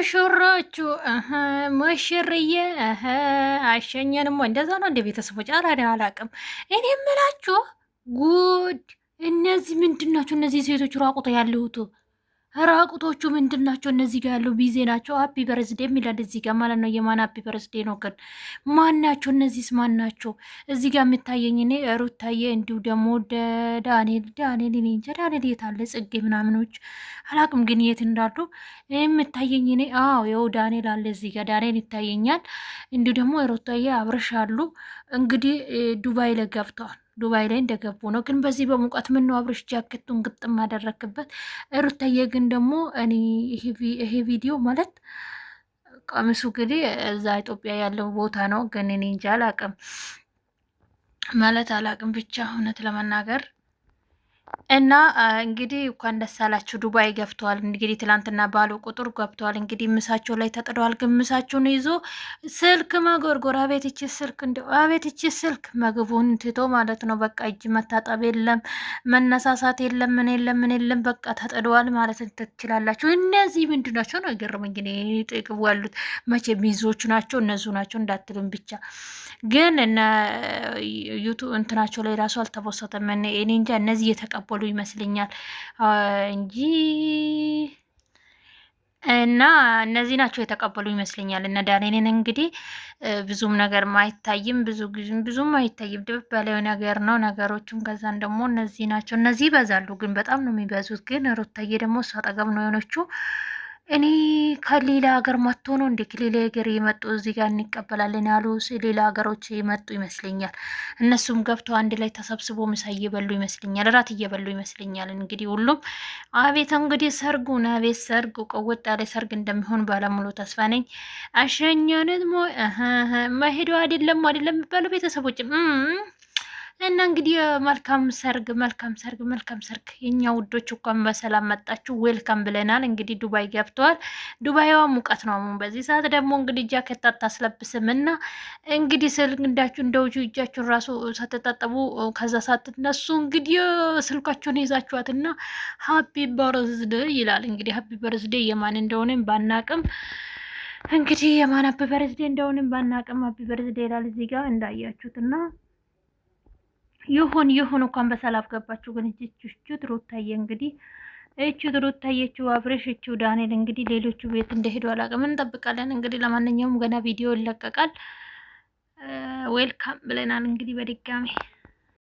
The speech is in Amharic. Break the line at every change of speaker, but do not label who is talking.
ሙሽሮቹ ሙሽርዬ አይሸኘንም እንደዛ ነው እንደ ቤተሰቦች። አራዳ አላቅም። እኔ የምላችሁ ጉድ! እነዚህ ምንድን ናቸው? እነዚህ ሴቶች ራቁቶ ያለሁት ራቁቶቹ ምንድን ናቸው? እነዚህ ጋር ያለው ቢዜ ናቸው። ሀፒ በርዝዴ የሚላል እዚህ ጋር ማለት ነው። የማን ሀፒ በርዝዴ ነው? ግን ማን ናቸው? እነዚህስ ማን ናቸው? እዚህ ጋር የምታየኝ እኔ ሩታዬ፣ እንዲሁ ደግሞ ዳንኤል ዳንኤል፣ እኔ እንጃ ዳንኤል የት አለ? ጽጌ ምናምኖች አላቅም፣ ግን የት እንዳሉ የምታየኝ እኔ። አዎ ይኸው ዳንኤል አለ እዚህ ጋር ዳንኤል ይታየኛል። እንዲሁ ደግሞ ሩታዬ አብረሻሉ እንግዲህ ዱባይ ላይ ገብተዋል። ዱባይ ላይ እንደገቡ ነው። ግን በዚህ በሙቀት ምን ነው አብርሽ ጃኬቱን ግጥም አደረክበት? ሩታዬ ግን ደግሞ እኔ ይሄ ቪዲዮ ማለት ቀሚሱ እንግዲህ እዛ ኢትዮጵያ ያለው ቦታ ነው። ግን እኔ እንጃ አላቅም ማለት አላቅም ብቻ እውነት ለመናገር እና እንግዲህ እንኳን ደስ አላችሁ ዱባይ ገብተዋል። እንግዲህ ትላንትና ባሉ ቁጥር ገብተዋል። እንግዲህ ምሳቸው ላይ ተጥደዋል። ግን ምሳቸውን ይዞ ስልክ መጎርጎር አቤት ይቺ ስልክ እንዲ አቤት ይቺ ስልክ ምግቡን ትቶ ማለት ነው። በቃ እጅ መታጠብ የለም መነሳሳት የለም ምን የለም ምን የለም በቃ ተጥደዋል ማለት ትችላላችሁ። እነዚህ ምንድ ናቸው ነው ገርም። እንግዲህ ጥቅቡ ያሉት መቼ ሚዞቹ ናቸው እነዙ ናቸው እንዳትሉም ብቻ ግን እነ ዩቱ እንትናቸው ላይ ራሱ አልተቦሰተም። እኔ እንጃ እነዚህ የተቀ የተቀበሉ ይመስለኛል እንጂ እና እነዚህ ናቸው የተቀበሉ ይመስለኛል። እነ ዳንኤልን እንግዲህ ብዙም ነገር አይታይም፣ ብዙ ጊዜም ብዙም አይታይም። ድብቅ በላዩ ነገር ነው ነገሮቹም ከዛን ደግሞ እነዚህ ናቸው። እነዚህ ይበዛሉ፣ ግን በጣም ነው የሚበዙት። ግን ሩታዬ ደግሞ እሷ አጠገብ ነው የሆነችው። እኔ ከሌላ ሀገር መጥቶ ነው እንዴ? ከሌላ ሀገር የመጡ እዚህ ጋር እንቀበላለን ያሉ ሌላ ሀገሮች የመጡ ይመስለኛል። እነሱም ገብቶ አንድ ላይ ተሰብስቦ ምሳ እየበሉ ይመስለኛል፣ እራት እየበሉ ይመስለኛል። እንግዲህ ሁሉም አቤት እንግዲህ ሰርጉ አቤት ሰርጉ ቀወጥ ያለ ሰርግ እንደሚሆን ባለሙሉ ተስፋ ነኝ። አሸኛነት ሞ መሄዱ አይደለም አይደለም የሚባለው ቤተሰቦችም እና እንግዲህ መልካም ሰርግ መልካም ሰርግ መልካም ሰርግ የኛ ውዶች እንኳን በሰላም መጣችሁ፣ ዌልካም ብለናል። እንግዲህ ዱባይ ገብተዋል። ዱባይዋ ሙቀት ነው። አሁን በዚህ ሰዓት ደግሞ እንግዲህ ጃኬት አታስለብስም እና እንግዲህ ስልንዳችሁ እንደው እጃችሁን ራሱ ሳትታጠቡ ከዛ ሳትነሱ እንግዲህ ስልካችሁን ይዛችኋት እና ሀፒ በርዝደ ይላል እንግዲህ ሀፒ በርዝዴ የማን እንደሆነም ባናቅም እንግዲህ የማን ሀቢ በርዝደ እንደሆነም ባናቅም ሀፒ በርዝደ ይላል እዚህ ጋር እንዳያችሁት እና ይሁን ይሁን እንኳን በሰላም ገባችሁ። ግን እችቹ ትሩታዬ እንግዲህ እቺ ትሩታዬችው አብሬሽ እቺው ዳንኤል እንግዲህ ሌሎቹ ቤት እንደሄዱ አላውቅም። እንጠብቃለን እንግዲህ ለማንኛውም ገና ቪዲዮ ይለቀቃል። ዌልካም ብለናል እንግዲህ በድጋሜ